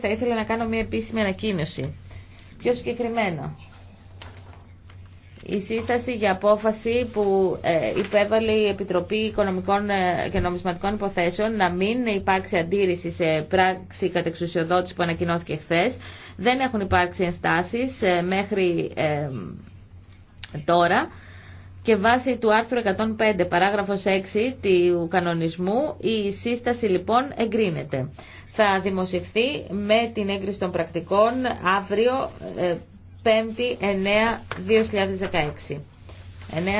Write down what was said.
θα ήθελα να κάνω μια επίσημη ανακοίνωση. Πιο συγκεκριμένα, η σύσταση για απόφαση που ε, υπέβαλε η Επιτροπή Οικονομικών ε, και Νομισματικών Υποθέσεων να μην υπάρξει αντίρρηση σε πράξη κατεξουσιοδότηση που ανακοινώθηκε χθε. Δεν έχουν υπάρξει ενστάσεις ε, μέχρι τώρα και βάσει του άρθρου 105 παράγραφος 6 του κανονισμού η σύσταση λοιπόν εγκρίνεται. Θα δημοσιευθεί με την έγκριση των πρακτικών αύριο 5η 9 2016.